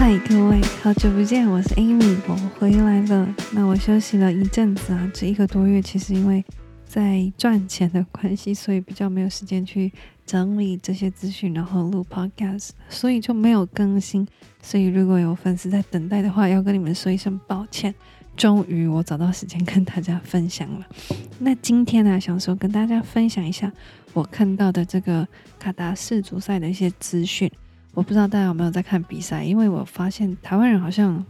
嗨，各位，好久不見，我是 Amy，我回來了。那我休息了一陣子啊，這一個多月其實因為在賺錢的關係，所以比較沒有時間去整理這些資訊，然後錄 Podcast，所以就沒有更新。所以如果有粉絲在等待的話，要跟你們說一聲抱歉。終於我找到時間跟大家分享了。那今天呢、啊，想說跟大家分享一下我看到的這個卡達世足賽的一些資訊。我不知道大家有沒有在看比賽，因為我發現台灣人好像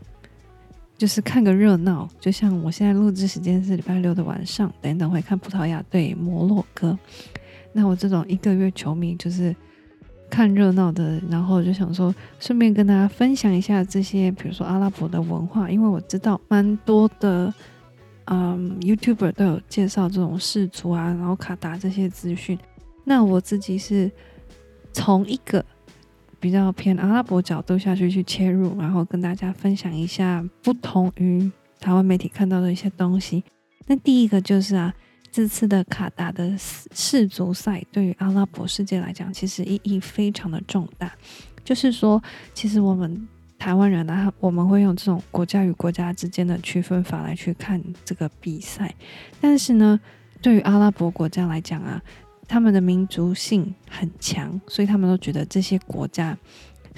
就是看個熱鬧，就像我現在錄制時間是禮拜六的晚上，等等會看葡萄牙對摩洛哥。那我這種一個月球迷就是看熱鬧的，然後就想說，順便跟大家分享一下這些，比如說阿拉伯的文化，因為我知道蠻多的，嗯，YouTuber 都有介紹這種世足啊，然後卡達這些資訊。那我自己是從一個。比較偏阿拉伯角度下去去切入，然後跟大家分享一下不同於台灣媒體看到的一些東西。那第一個就是啊，這次的卡達的世世足賽對於阿拉伯世界來講，其實意義非常的重大。就是說，其實我們台灣人呢、啊，我們會用這種國家與國家之間的區分法來去看這個比賽，但是呢，對於阿拉伯國家來講啊。他們的民族性很強，所以他們都覺得這些國家。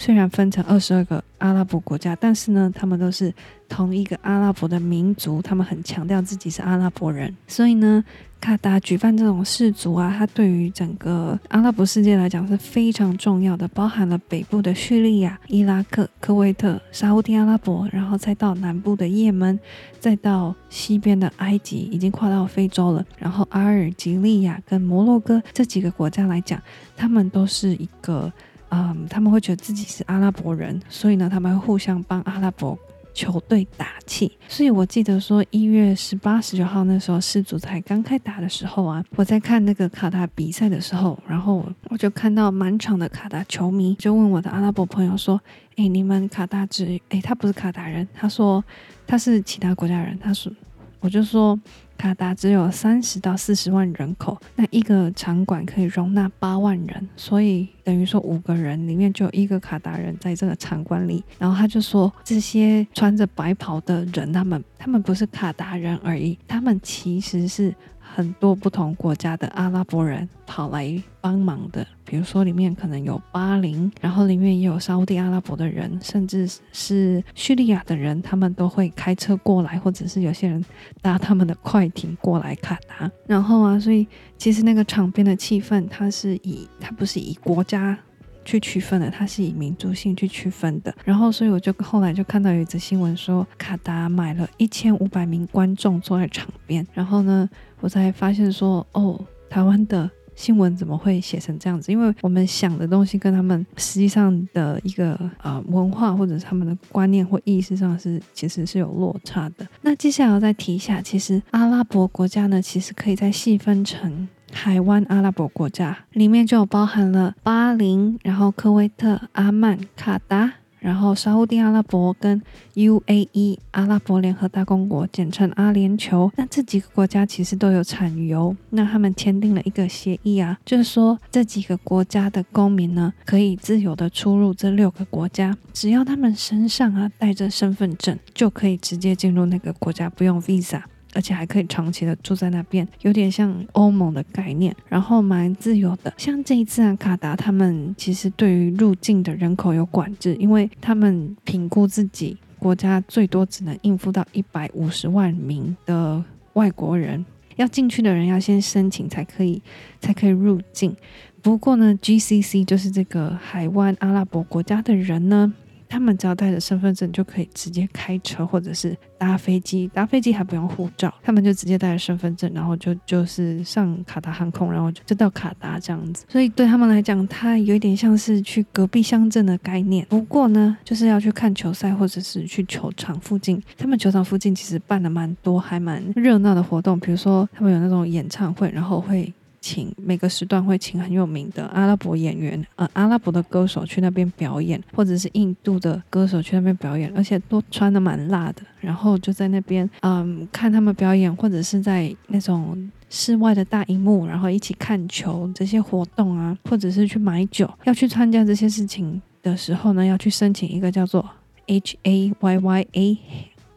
雖然分成二十二個阿拉伯國家，但是呢，他們都是同一個阿拉伯的民族，他們很強調自己是阿拉伯人。所以呢，卡達舉辦這種世足啊，它對於整個阿拉伯世界來講是非常重要的，包含了北部的敘利亞、伊拉克、科威特、沙烏地阿拉伯，然後再到南部的葉門，再到西邊的埃及，已經跨到非洲了。然後阿爾及利亞跟摩洛哥這幾個國家來講，他們都是一個。嗯，他們會覺得自己是阿拉伯人，所以呢，他們會互相幫阿拉伯球隊打氣。所以我記得說一月十八、十九號那時候世足才剛開打的時候啊，我在看那個卡達比賽的時候，然後我就看到滿場的卡達球迷，就問我的阿拉伯朋友說：“哎、欸，你們卡達只……哎、欸，他不是卡達人，他說他是其他國家人，他說。”我就說，卡達只有三十到四十萬人口，那一個場館可以容納八萬人，所以等於說五個人裡面就有一個卡達人在這個場館裡。然後他就說，這些穿着白袍的人，他們他們不是卡達人而已，他們其實是。很多不同國家的阿拉伯人跑來幫忙的，比如說裡面可能有巴林，然後裡面也有沙烏地阿拉伯的人，甚至是敘利亞的人，他們都會開車過來，或者是有些人搭他們的快艇過來看他。然後啊，所以其實那個場邊的氣氛，它是以它不是以國家。去區分的，它是以民族性去區分的。然後，所以我就後來就看到有一則新聞說，卡達買了一千五百名觀眾坐在場邊。然後呢，我才發現說，哦，台灣的新聞怎麼會寫成這樣子？因為我們想的東西跟他們實際上的一個呃文化或者是他們的觀念或意識上是其實是有落差的。那接下來我再提一下，其實阿拉伯國家呢，其實可以再細分成。海灣阿拉伯國家裡面就有包含了巴林，然後科威特、阿曼、卡達，然後沙烏地阿拉伯跟 UAE 阿拉伯聯合大公國，簡稱阿聯酋。那這幾個國家其實都有產油，那他們簽訂了一個協議啊，就是說這幾個國家的公民呢，可以自由的出入這六個國家，只要他們身上啊帶着身份證，就可以直接進入那個國家，不用 visa。而且還可以長期的住在那邊，有點像歐盟的概念，然後蠻自由的。像這一次啊，卡達他們其實對於入境的人口有管制，因為他們評估自己國家最多只能應付到一百五十萬名的外國人，要進去的人要先申請才可以，才可以入境。不過呢，GCC 就是這個海灣阿拉伯國家的人呢。他們只要帶着身份證就可以直接開車，或者是搭飛機，搭飛機還不用護照，他們就直接帶着身份證，然後就就是上卡達航空，然後就就到卡達這樣子。所以對他們來講，它有一點像是去隔壁鄉鎮的概念。不過呢，就是要去看球賽，或者是去球場附近。他們球場附近其實辦了蠻多，還蠻熱鬧的活動，比如說他們有那種演唱會，然後會。請每個時段會請很有名的阿拉伯演員，呃，阿拉伯的歌手去那邊表演，或者是印度的歌手去那邊表演，而且都穿得蠻辣的，然後就在那邊，嗯，看他們表演，或者是在那種室外的大熒幕，然後一起看球這些活動啊，或者是去買酒，要去參加這些事情的時候呢，要去申請一個叫做 H A Y Y A，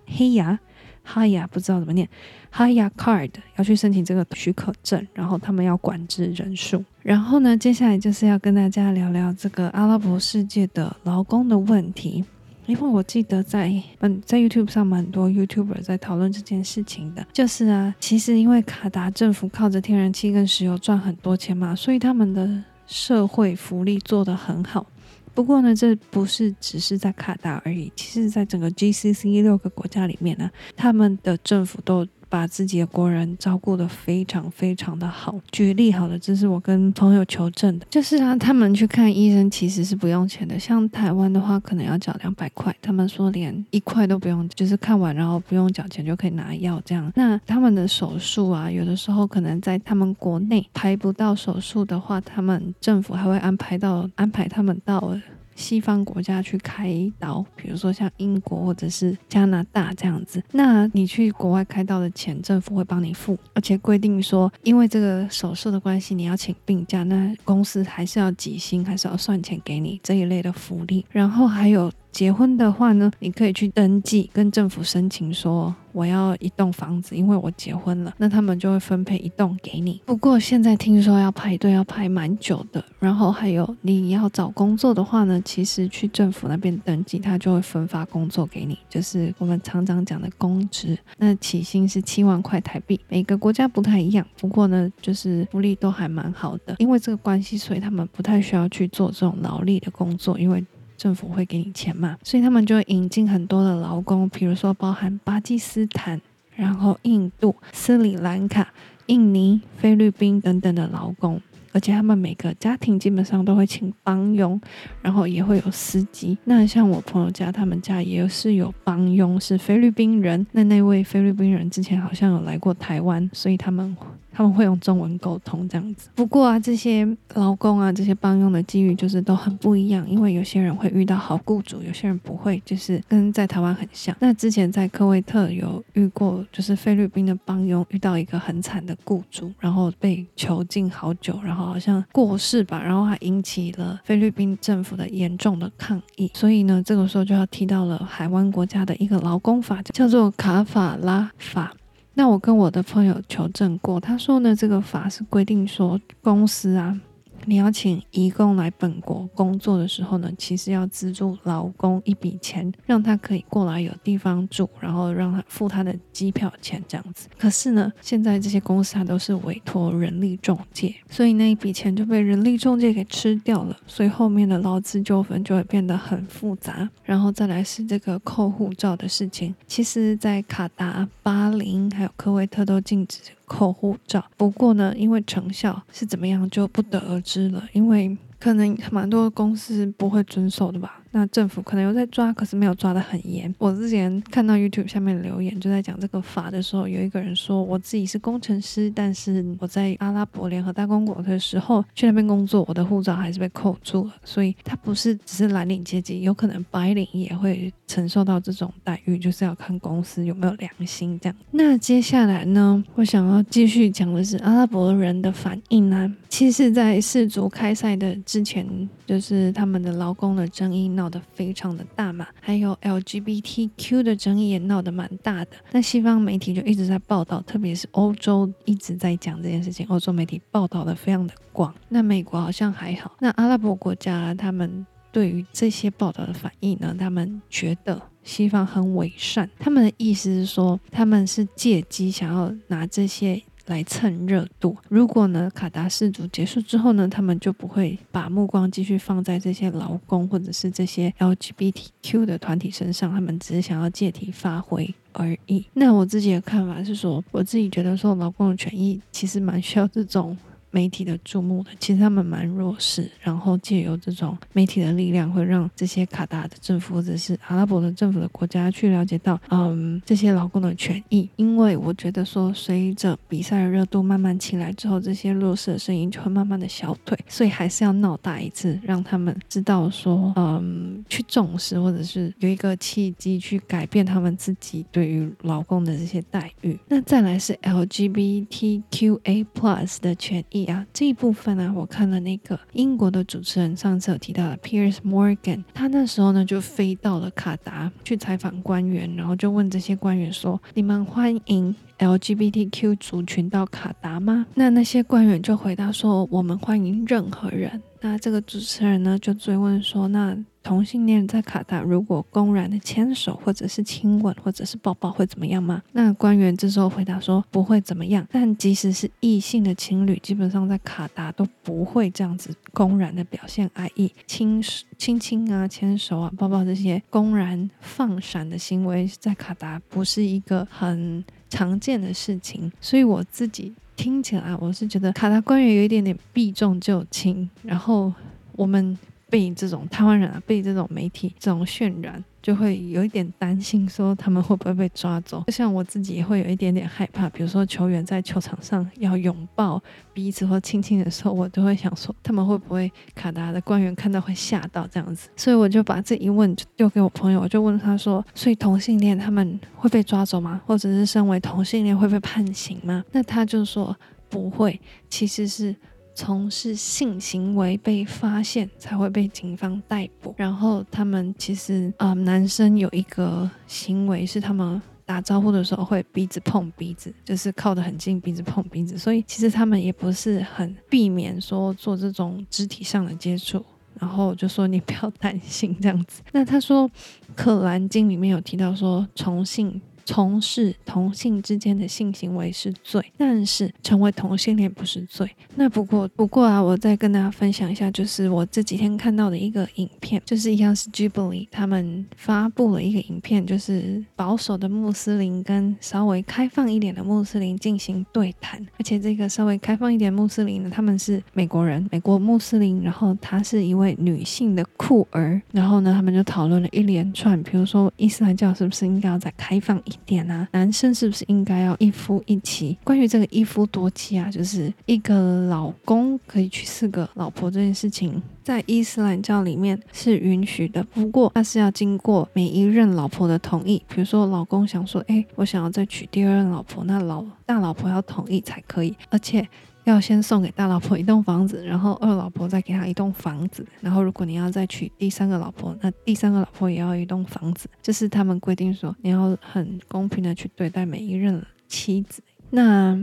黑牙。哈亞，不知道怎麼念，哈亞 Card 要去申請這個許可證，然後他們要管制人數。然後呢，接下來就是要跟大家聊聊這個阿拉伯世界的勞工的問題，因為我記得在嗯在 YouTube 上蠻很多 YouTuber 在討論這件事情的，就是啊，其實因為卡達政府靠着天然氣跟石油賺很多錢嘛，所以他們的社會福利做得很好。不過呢，這不是只是在卡達而已，其實在整個 GCC 六個國家裡面呢，他們的政府都。把自己的國人照顧得非常非常的好。舉例好的，這是我跟朋友求證的，就是啊，他們去看醫生其實是不用錢的。像台灣的話，可能要繳兩百塊，他們說連一塊都不用，就是看完然後不用繳錢就可以拿藥這樣。那他們的手術啊，有的時候可能在他們國內排不到手術的話，他們政府還會安排到，安排他們到。西方國家去開刀，比如說像英國或者是加拿大這樣子，那你去國外開刀的錢政府會幫你付，而且規定說，因為這個手術的關係你要請病假，那公司還是要給薪，還是要算錢給你這一類的福利，然後還有。結婚的話呢，你可以去登記，跟政府申請說我要一棟房子，因為我結婚了，那他們就會分配一棟給你。不過現在聽說要排隊，要排蠻久的。然後還有你要找工作的話呢，其實去政府那邊登記，他就會分發工作給你，就是我們常常講的公職。那起薪是七萬塊台幣，每個國家不太一樣。不過呢，就是福利都還蠻好的，因為這個關係，所以他們不太需要去做這種勞力的工作，因為。政府會給你錢嘛，所以他們就引進很多的勞工，比如說包含巴基斯坦，然後印度、斯里蘭卡、印尼、菲律賓等等的勞工，而且他們每個家庭基本上都會請幫傭，然後也會有司機。那像我朋友家，他們家也是有幫傭，是菲律賓人。那那位菲律賓人之前好像有來過台灣，所以他們。他們會用中文溝通這樣子，不過啊，這些勞工啊，這些幫佣的際遇就是都很不一樣，因為有些人會遇到好雇主，有些人不會，就是跟在台灣很像。那之前在科威特有遇過，就是菲律賓的幫傭遇到一個很慘的雇主，然後被囚禁好久，然後好像過世吧，然後還引起了菲律賓政府的嚴重的抗議。所以呢，這個時候就要提到了海灣國家的一個勞工法，叫做卡法拉法。那我跟我的朋友求證過，他說呢，這個法是規定說公司啊，你要請移工來本國工作的時候呢，其實要資助勞工一筆錢，讓他可以過來有地方住，然後讓他付他的機票錢這樣子。可是呢，現在這些公司它都是委託人力中介，所以那一筆錢就被人力中介給吃掉了，所以後面的勞資糾紛就會變得很複雜。然後再來是這個扣護照的事情，其實，在卡達、巴林還有科威特都禁止扣護照，不過呢，因為成效是怎麼樣就不得而知。知了，因為可能蠻多公司不會遵守的吧。那政府可能又在抓，可是沒有抓得很嚴。我之前看到 YouTube 下面留言，就在講這個法的時候，有一個人說，我自己是工程師，但是我在阿拉伯聯合大公國的時候去那邊工作，我的護照還是被扣住了。所以他不是只是藍領階級，有可能白領也會承受到這種待遇，就是要看公司有沒有良心這樣。那接下來呢，我想要繼續講的是阿拉伯人的反應呢、啊。其實，在世足開賽的之前，就是他們的勞工的爭議呢。鬧得非常的大嘛，還有 LGBTQ 的爭議也鬧得蠻大的。那西方媒體就一直在報道，特別是歐洲一直在講這件事情，歐洲媒體報道的非常的廣。那美國好像還好。那阿拉伯國家他們對於這些報道的反應呢？他們覺得西方很偽善。他們的意思是說，他們是借機想要拿這些。來蹭熱度。如果呢，卡達世足結束之後呢，他們就不會把目光繼續放在這些勞工或者是這些 LGBTQ 的團體身上，他們只是想要借題發揮而已。那我自己的看法是說，我自己覺得說勞工的權益其實蠻需要這種。媒體的注目的，其實他們蠻弱勢，然後借由這種媒體的力量，會讓這些卡達的政府或者是阿拉伯的政府的國家去了解到，嗯，這些勞工的權益。因為我覺得說，隨着比賽的熱度慢慢起來之後，這些弱勢的聲音就會慢慢的消退，所以還是要鬧大一次，讓他們知道說，嗯，去重視或者是有一個契機去改變他們自己對於勞工的這些待遇。那再來是 LGBTQA plus 的權益。這一部分呢，我看了那個英國的主持人上次有提到的，Piers Morgan，他那時候呢就飛到了卡達去採訪官員，然後就問這些官員說：“你們歡迎 LGBTQ 族群到卡達嗎？”那那些官員就回答說：“我們歡迎任何人。”那這個主持人呢就追問說：“那？”同性戀在卡達如果公然的牽手，或者是親吻，或者是抱抱會怎麼樣嗎？那官員這時候回答說不會怎麼樣。但即使是異性的情侶，基本上在卡達都不會這樣子公然的表現愛意，親親親啊，牽手啊，抱抱這些公然放閃的行為，在卡達不是一個很常見的事情。所以我自己聽起來，我是覺得卡達官員有一點點避重就輕。然後我們。被這種台灣人啊，被這種媒體這種渲染，就會有一點擔心，說他們會不會被抓走？就像我自己也會有一點點害怕，比如說球員在球場上要擁抱彼此或親親的時候，我都會想說他們會不會卡達的官員看到會嚇到這樣子。所以我就把這一問丟給我朋友，我就問他說：所以同性戀他們會被抓走嗎？或者是身為同性戀會被判刑嗎？那他就說不會，其實是。從事性行為被發現才會被警方逮捕，然後他們其實啊、呃，男生有一個行為是他們打招呼的時候會鼻子碰鼻子，就是靠得很近，鼻子碰鼻子，所以其實他們也不是很避免說做這種肢體上的接觸。然後就說你不要擔心這樣子。那他說《可蘭經》裡面有提到說從性。從事同性之間的性行為是罪，但是成為同性戀不是罪。那不過，不過啊，我再跟大家分享一下，就是我這幾天看到的一個影片，就是一樣是 Jubilee 他們發布了一個影片，就是保守的穆斯林跟稍微開放一點的穆斯林進行對談，而且這個稍微開放一點穆斯林呢，他們是美國人，美國穆斯林，然後他是一位女性的酷兒，然後呢，他們就討論了一連串，比如說伊斯蘭教是不是應該要再開放一。一點啊，男生是不是應該要一夫一妻？關於這個一夫多妻啊，就是一個老公可以娶四個老婆這件事情，在伊斯蘭教裡面是允許的，不過那是要經過每一任老婆的同意。比如說，老公想說，哎，我想要再娶第二任老婆，那老大老婆要同意才可以，而且。要先送給大老婆一棟房子，然後二老婆再給他一棟房子，然後如果你要再娶第三個老婆，那第三個老婆也要一棟房子。這、就是他們規定說，你要很公平的去對待每一任妻子。那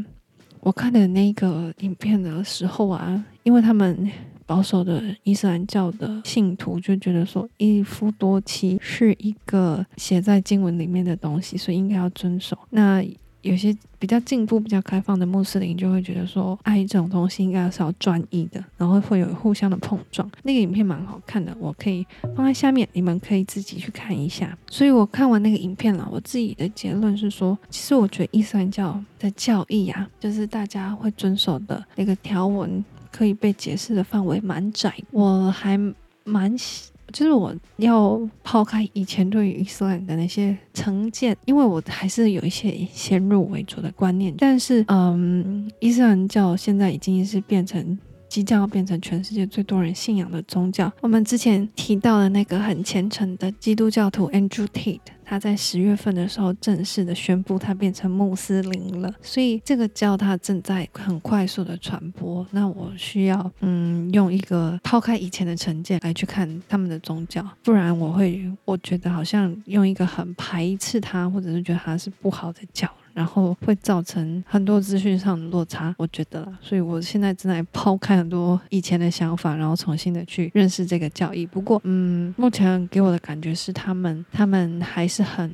我看的那個影片的時候啊，因為他們保守的伊斯蘭教的信徒就覺得說，一夫多妻是一個寫在經文裡面的東西，所以應該要遵守。那有些比較進步、比較開放的穆斯林就會覺得說，愛這種東西應該是要專一的，然後會有互相的碰撞。那個影片蠻好看的，我可以放在下面，你們可以自己去看一下。所以我看完那個影片了，我自己的結論是說，其實我覺得伊斯蘭教的教義啊，就是大家會遵守的那個條文，可以被解釋的範圍蠻窄。我還蠻喜。就是我要拋開以前對於伊斯蘭的那些成見，因為我還是有一些以先入為主的觀念。但是，嗯，伊斯蘭教現在已經是變成。即將要變成全世界最多人信仰的宗教。我們之前提到的那個很虔誠的基督教徒 Andrew Tate，他在十月份的時候正式的宣布他變成穆斯林了。所以這個教他正在很快速的傳播，那我需要，嗯，用一個拋開以前的成見來去看他們的宗教，不然我會，我覺得好像用一個很排斥他，或者是覺得他是不好的教。然後會造成很多資訊上的落差，我覺得啦，所以我現在正在拋開很多以前的想法，然後重新的去認識這個教義。不過，嗯，目前給我的感覺是，他們他們還是很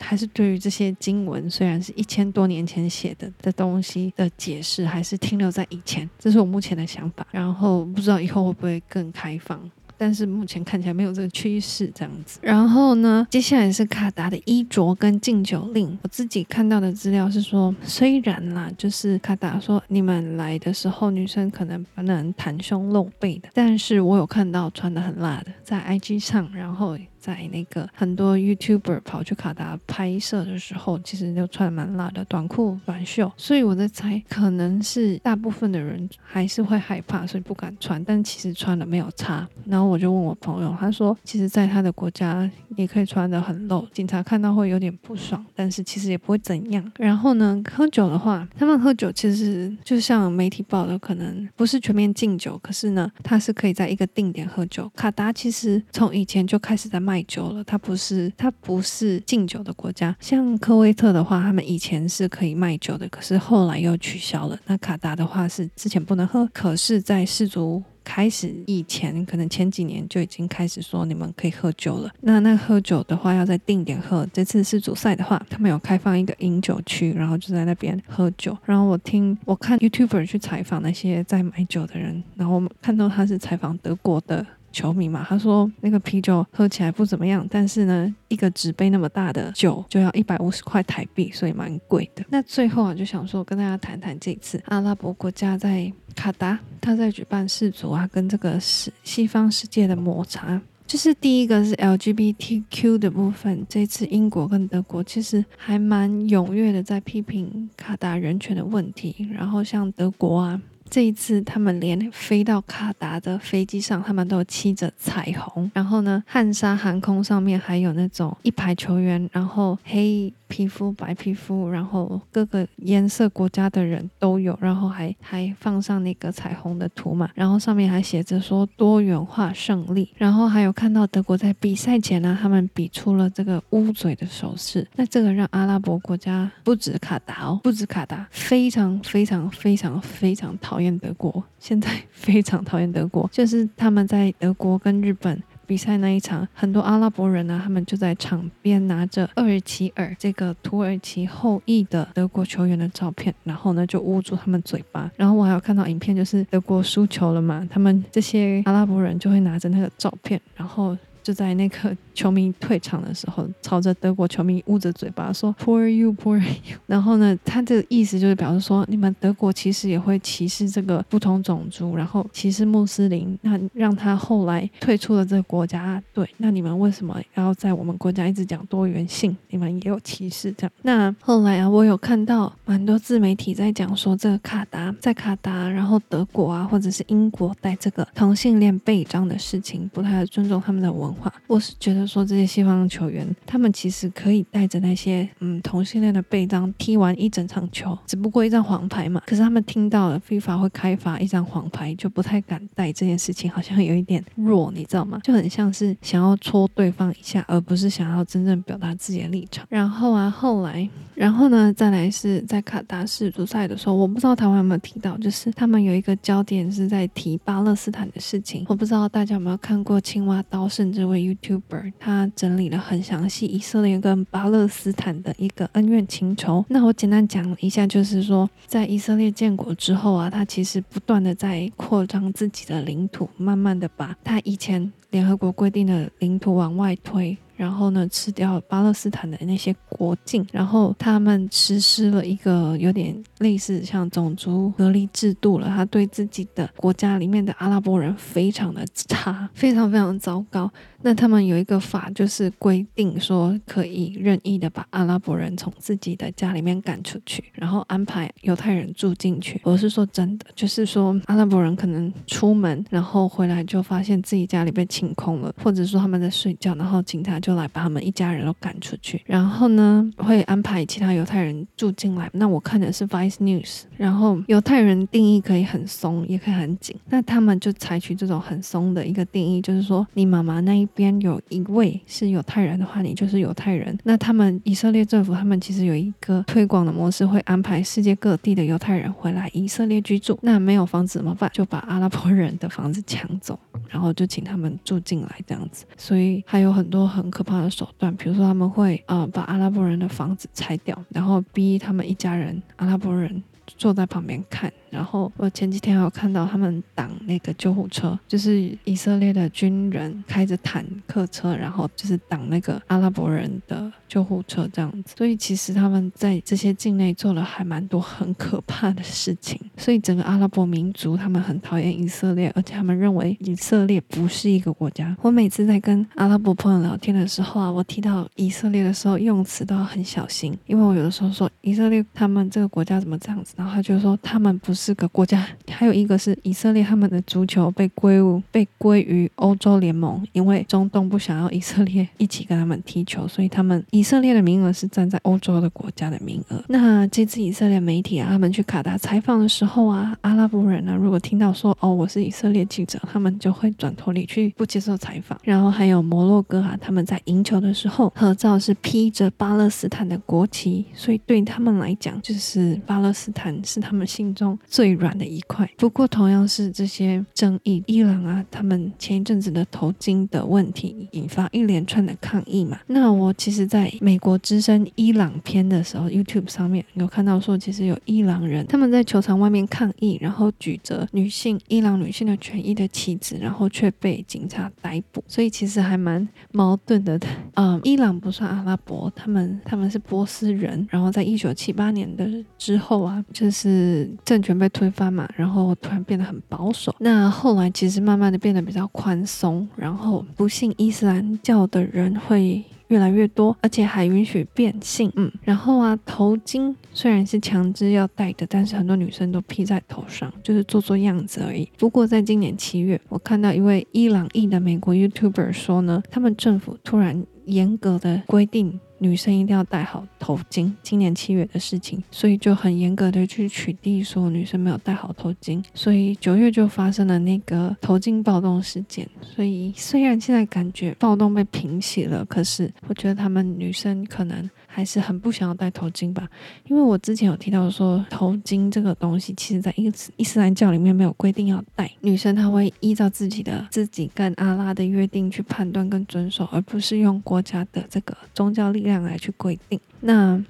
還是對於這些經文，雖然是一千多年前寫的的東西的解釋，還是停留在以前。這是我目前的想法。然後不知道以後會不會更開放。但是目前看起來沒有這個趨勢這樣子，然後呢，接下來是卡達的衣着跟禁酒令。我自己看到的資料是說，雖然啦，就是卡達說你們來的時候，女生可能不能袒胸露背的，但是我有看到穿得很辣的在 IG 上，然後。在那個很多 YouTuber 跑去卡達拍攝的時候，其實就穿的蠻辣的短褲、短袖，所以我在猜，可能是大部分的人還是會害怕，所以不敢穿。但其實穿的沒有差。然後我就問我朋友，他說，其實在他的國家也可以穿的很露，警察看到會有點不爽，但是其實也不會怎樣。然後呢，喝酒的話，他們喝酒其實就像媒體報的，可能不是全面禁酒，可是呢，他是可以在一個定點喝酒。卡達其實從以前就開始在賣。賣酒了，他不是他不是禁酒的國家。像科威特的話，他們以前是可以賣酒的，可是後來又取消了。那卡達的話是之前不能喝，可是，在世足開始以前，可能前幾年就已經開始說，你們可以喝酒了。那那喝酒的話要在定點喝。這次世足賽的話，他們有開放一個飲酒區，然後就在那邊喝酒。然後我聽我看 YouTuber 去採訪那些在買酒的人，然後看到他是採訪德國的。球迷嘛，他說那個啤酒喝起來不怎麼樣，但是呢，一個紙杯那麼大的酒就要一百五十塊台幣，所以蠻貴的。那最後啊，就想說跟大家談談這次阿拉伯國家在卡達，他在舉辦世足啊，跟這個世西方世界的摩擦，就是第一個是 LGBTQ 的部分。這次英國跟德國其實還蠻踴躍的在批評卡達人權的問題，然後像德國啊，這一次，他們連飛到卡達的飛機上，他們都有漆着彩虹。然後呢，漢莎航空上面還有那種一排球員，然後黑皮膚、白皮膚，然後各個顏色國家的人都有。然後還還放上那個彩虹的圖嘛，然後上面還寫着說多元化勝利。然後還有看到德國在比賽前呢，他們比出了這個捂嘴的手勢。那這個讓阿拉伯國家不止卡達哦，不止卡達，非常非常非常非常討厭。討厭德國，現在非常討厭德國。就是他們在德國跟日本比賽那一場，很多阿拉伯人呢、啊，他們就在場邊拿着厄齊爾這個土耳其後裔的德國球員的照片，然後呢就捂住他們嘴巴。然後我還有看到影片，就是德國輸球了嘛，他們這些阿拉伯人就會拿着那個照片，然後就在那個。球迷退場的時候，朝着德國球迷捂着嘴巴說 poor you poor you，然後呢，他這個意思就是表示說，你們德國其實也會歧視這個不同種族，然後歧視穆斯林，那讓他後來退出了這個國家，對，那你們為什麼要在我們國家一直講多元性？你們也有歧視這樣？那後來啊，我有看到蠻多自媒體在講說，這個卡達在卡達，然後德國啊，或者是英國戴這個同性戀臂章的事情，不太尊重他們的文化。我是覺得。說這些西方的球員，他們其實可以帶着那些嗯同性戀的臂章踢完一整場球，只不過一張黃牌嘛。可是他們聽到了 FIFA 會開罰一張黃牌，就不太敢帶這件事情，好像有一點弱，你知道嗎？就很像是想要戳對方一下，而不是想要真正表達自己的立場。然後啊，後來。然後呢，再來是在卡達世足賽的時候，我不知道台灣有沒有提到，就是他們有一個焦點是在提巴勒斯坦的事情。我不知道大家有沒有看過青蛙刀聖這位 YouTuber，他整理了很詳細以色列跟巴勒斯坦的一個恩怨情仇。那我簡單講一下，就是說在以色列建國之後啊，他其實不斷地在擴張自己的領土，慢慢的把他以前聯合國規定的領土往外推。然後呢，吃掉巴勒斯坦的那些國境，然後他們實施了一個有點類似像種族隔離制度了。他對自己的國家裡面的阿拉伯人非常的差，非常非常糟糕。那他們有一個法，就是規定說可以任意的把阿拉伯人從自己的家裡面趕出去，然後安排猶太人住進去。我是說真的，就是說阿拉伯人可能出門，然後回來就發現自己家裡被清空了，或者說他們在睡覺，然後警察就來把他們一家人都趕出去，然後呢會安排其他猶太人住進來。那我看的是 Vice News，然後猶太人定義可以很鬆，也可以很緊。那他們就採取這種很鬆的一個定義，就是說你媽媽那一。邊有一位是猶太人的話，你就是猶太人。那他們以色列政府，他們其實有一個推廣的模式，會安排世界各地的猶太人回來以色列居住。那沒有房子怎麼辦？就把阿拉伯人的房子搶走，然後就請他們住進來這樣子。所以還有很多很可怕的手段，比如說他們會啊，呃，把阿拉伯人的房子拆掉，然後逼他們一家人阿拉伯人坐在旁邊看。然後我前幾天有看到他們擋那個救護車，就是以色列的軍人開着坦克車，然後就是擋那個阿拉伯人的救護車這樣子。所以其實他們在這些境內做了還蠻多很可怕的事情。所以整個阿拉伯民族他們很討厭以色列，而且他們認為以色列不是一個國家。我每次在跟阿拉伯朋友聊天的時候啊，我提到以色列的時候用詞都要很小心，因為我有的時候說以色列他們這個國家怎麼這樣子，然後他就說他們不是。四個國家，還有一個是以色列，他們的足球被歸於被歸於歐洲聯盟，因為中東不想要以色列一起跟他們踢球，所以他們以色列的名額是站在歐洲的國家的名額。那這次以色列媒體啊，他們去卡達採訪的時候啊，阿拉伯人啊，如果聽到說哦，我是以色列記者，他們就會轉頭離去，不接受採訪。然後還有摩洛哥啊，他們在贏球的時候合照是披着巴勒斯坦的國旗，所以對他們來講，就是巴勒斯坦是他們心中最軟的一塊。不過，同樣是這些爭議，伊朗啊，他們前一陣子的頭巾的問題引發一連串的抗議嘛。那我其實在美國資深伊朗篇的時候，YouTube 上面有看到說，其實有伊朗人他們在球場外面抗議，然後舉着女性伊朗女性的權益的旗幟，然後卻被警察逮捕。所以其實還蠻矛盾的。嗯，伊朗不算阿拉伯，他們他們是波斯人。然後在一九七八年的之後啊，就是政權。被推翻嘛，然後突然變得很保守。那後來其實慢慢的變得比較寬鬆，然後不信伊斯蘭教的人會越來越多，而且還允許變性。嗯，然後啊，頭巾雖然是強制要戴的，但是很多女生都披在頭上，就是做做樣子而已。不過在今年七月，我看到一位伊朗裔的美國 YouTuber 說呢，他們政府突然嚴格的規定。女生一定要戴好頭巾，今年七月的事情，所以就很嚴格的去取締說女生沒有戴好頭巾，所以九月就發生了那個頭巾暴動事件。所以雖然現在感覺暴動被平息了，可是我覺得她們女生可能。還是很不想要戴頭巾吧，因為我之前有提到說頭巾這個東西，其實在伊斯伊斯蘭教裡面沒有規定要戴，女生她會依照自己的自己跟阿拉的約定去判斷跟遵守，而不是用國家的這個宗教力量來去規定。那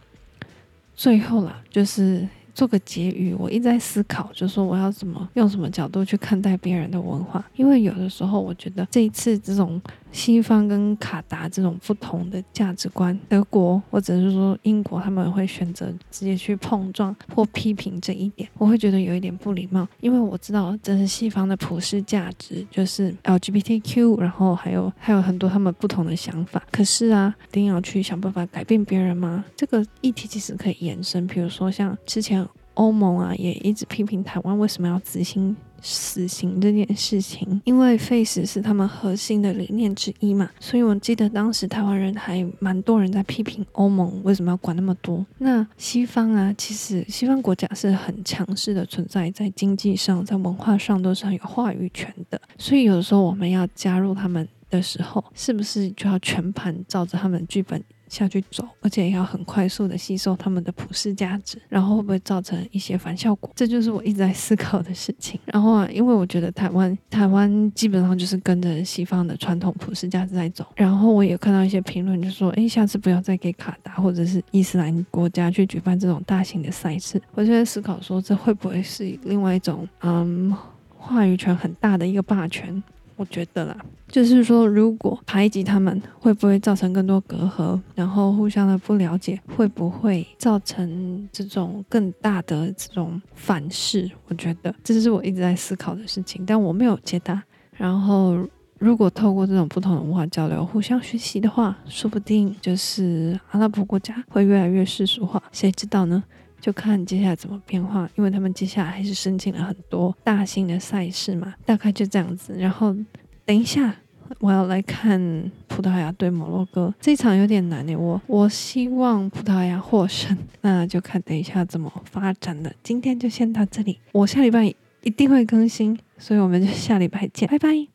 最後啦，就是做個結語，我一直在思考，就說我要怎麼用什麼角度去看待別人的文化，因為有的時候我覺得這一次這種。西方跟卡達這種不同的價值觀，德國或者是說英國，他們會選擇直接去碰撞或批評這一點，我會覺得有一點不禮貌，因為我知道這是西方的普世價值，就是 LGBTQ，然後還有還有很多他們不同的想法。可是啊，一定要去想辦法改變別人嗎？這個議題其實可以延伸，比如說像之前歐盟啊，也一直批評台灣為什麼要執行。死刑這件事情，因為廢死是他們核心的理念之一嘛，所以我記得當時台灣人還蠻多人在批評歐盟為什麼要管那麼多。那西方啊，其實西方國家是很強勢的存在，在經濟上、在文化上都是很有話語權的，所以有的時候我們要加入他們的時候，是不是就要全盤照着他們劇本下去走，而且要很快速的吸收他們的普世價值，然後會不會造成一些反效果？這就是我一直在思考的事情。然後啊，因為我覺得台灣，台灣基本上就是跟着西方的傳統普世價值在走。然後我也看到一些評論，就是說：“哎，下次不要再給卡達或者是伊斯蘭國家去舉辦這種大型的賽事。”我就在思考說，這會不會是另外一種嗯，話語權很大的一個霸權？我覺得啦，就是說，如果排擠他們，會不會造成更多隔閡？然後互相的不了解，會不會造成這種更大的這種反噬？我覺得，這是我一直在思考的事情。但我沒有解答。然後，如果透過這種不同的文化交流，互相學習的話，說不定就是阿拉伯國家會越來越世俗化，誰知道呢？就看接下來怎麼變化，因為他們接下來還是申請了很多大型的賽事嘛，大概就這樣子。然後等一下，我要來看葡萄牙對摩洛哥，這場有點難耶，我我希望葡萄牙獲勝，那就看等一下怎麼發展了。今天就先到這裡，我下禮拜一定會更新，所以我們就下禮拜見，拜拜。